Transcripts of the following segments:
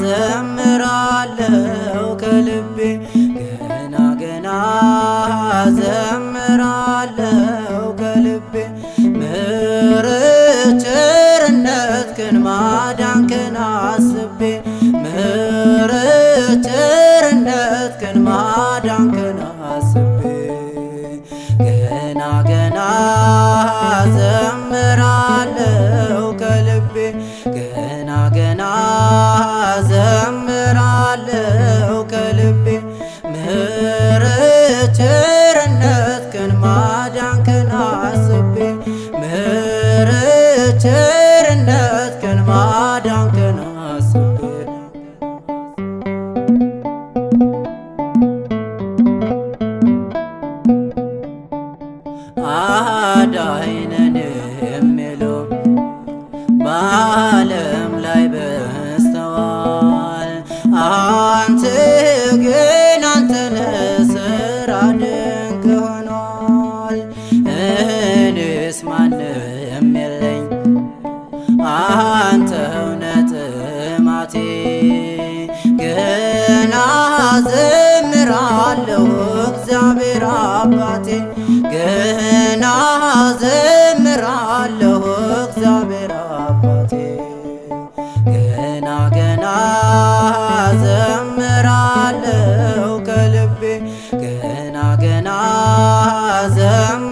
ዘምራለው ከልቤ ገና ገና ዘምራለው ከልቤ ምሕረት ቸርነትህን ማዳንህን አስቤ ምሕረት ቸርነትህን ማዳንህን ማዳንክን አስቤ ምሕረት ቸርነትህን ማዳንክን አስቤ የሚሉ በዓለም ላይ በዝተዋል አንተ ግን ያንተ እውነት ማቴ ገና ዘምራለሁ እግዚአብሔር አባቴ ገና ዘምራለሁ እግዚአብሔር አባቴ ገና ገና ዘምራለሁ ከልቤ ገና ገና ዘም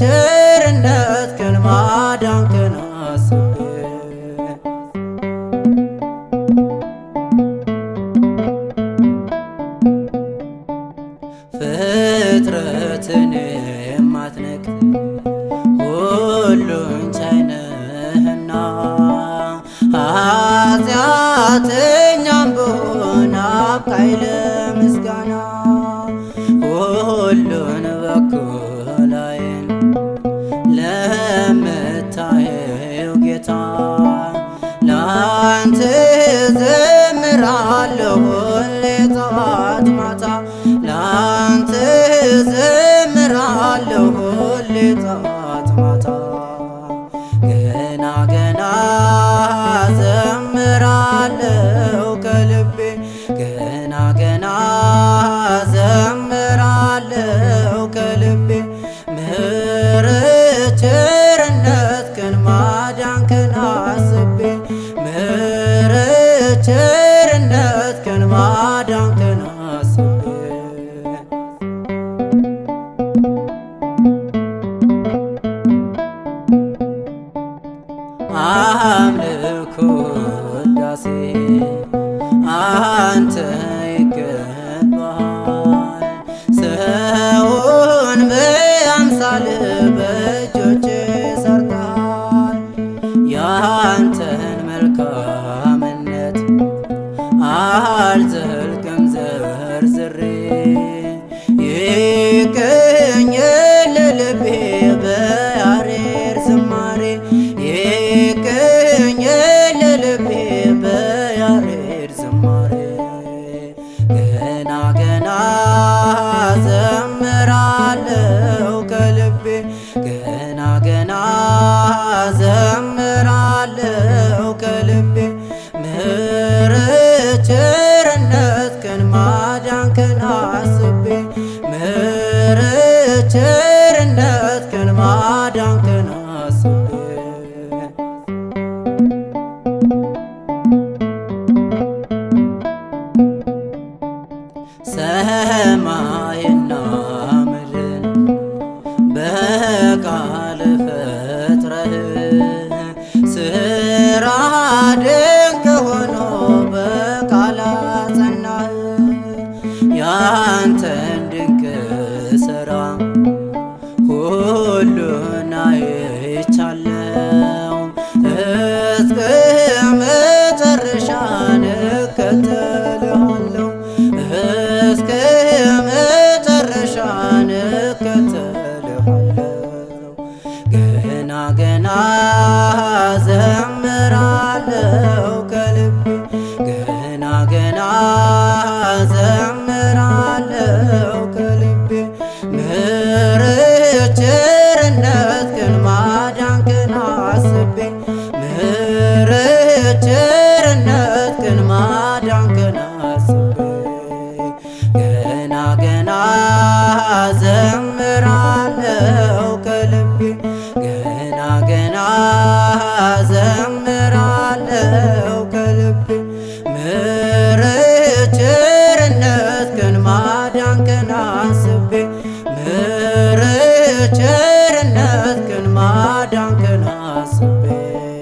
ቸርነት ክን ማዳንክን አስብ ፍጥረትን የማትነቅ ሁሉን ቻይነህና ኃጢአተኛም ብሆን አብቃይ ለምስጋና ላንተ ዘምራለሁ ቸርነት ቀን ማዳን ተናሳ አምልኮ ዳሴ አንተ ይገባል ሰውን በአምሳል በእጆች ሰርታል ያንተን መልካም አልዘልቅም ዝሬ ይቅኝ ለልቤ በያሬር ዝማሬ ይቅኝ ለልቤ በያሬር ዝማሬ ገና ገና ዘምራለው ከልቤ ቸርነት ከልማዳንከን አስብ ሰማይና possible.